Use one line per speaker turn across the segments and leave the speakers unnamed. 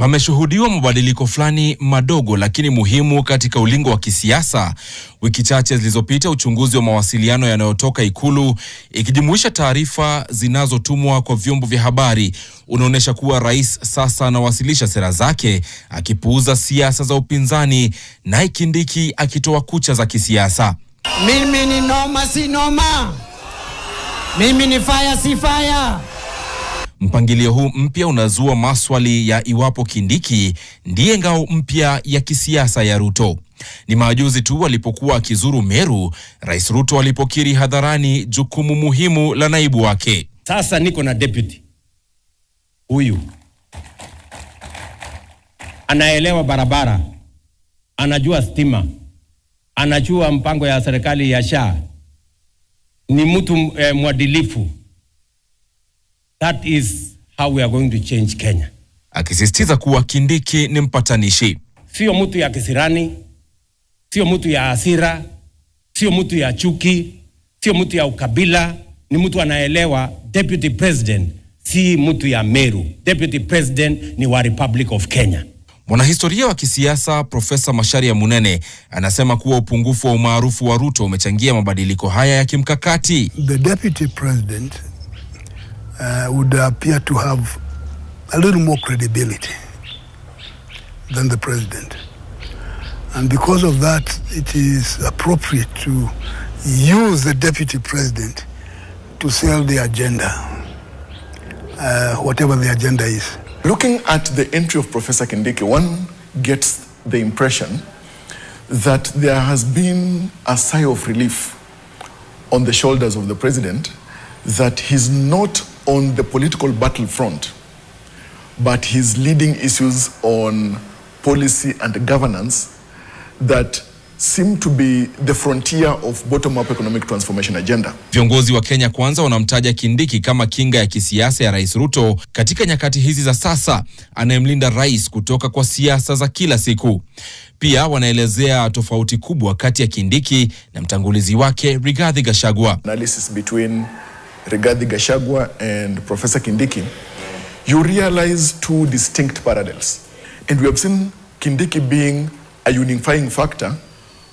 Pameshuhudiwa mabadiliko fulani madogo lakini muhimu katika ulingo wa kisiasa wiki chache zilizopita. Uchunguzi wa mawasiliano yanayotoka Ikulu ikijumuisha taarifa zinazotumwa kwa vyombo vya habari unaonyesha kuwa rais sasa anawasilisha sera zake akipuuza siasa za upinzani, na ikindiki akitoa kucha za kisiasa.
Mimi ni noma si noma, mimi ni faya si faya.
Mpangilio huu mpya unazua maswali ya iwapo Kindiki ndiye ngao mpya ya kisiasa ya Ruto. Ni majuzi tu alipokuwa akizuru Meru, Rais Ruto alipokiri hadharani jukumu muhimu la naibu wake.
Sasa niko na deputy huyu, anaelewa barabara, anajua stima, anajua mpango ya serikali ya SHA, ni mtu eh, mwadilifu That is how we are going to change Kenya.
Akisisitiza kuwa Kindiki ni mpatanishi,
sio mtu ya kisirani, sio mtu ya hasira, sio mtu ya chuki, sio mtu ya ukabila. Ni mtu anaelewa Deputy President si mtu ya Meru. Deputy President ni wa Republic of Kenya.
Mwanahistoria wa kisiasa Profesa Masharia Munene anasema kuwa upungufu wa umaarufu wa Ruto umechangia mabadiliko haya ya kimkakati.
The Deputy President uh, would appear to have a little more credibility than the president. And because of that, it is appropriate to use the deputy president to sell the agenda, uh, whatever the agenda is.
Looking at the entry of Professor Kindiki, one gets the impression that there has been a sigh of relief on the shoulders of the president that he's not on the political battlefront, but he's leading issues on policy and governance that seem to be the frontier of bottom up economic transformation agenda.
Viongozi wa Kenya Kwanza wanamtaja Kindiki kama kinga ya kisiasa ya Rais Ruto katika nyakati hizi za sasa, anayemlinda rais kutoka kwa siasa za kila siku. Pia wanaelezea tofauti kubwa kati ya Kindiki na mtangulizi wake Rigathi Gachagua.
Analysis between Rigathi Gachagua and Professor Kindiki, you realize two distinct parallels. And we have seen Kindiki being a unifying factor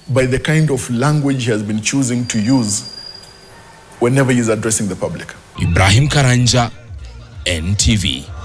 by the kind of language he has been choosing to use whenever he is addressing the public. Ibrahim Karanja, NTV.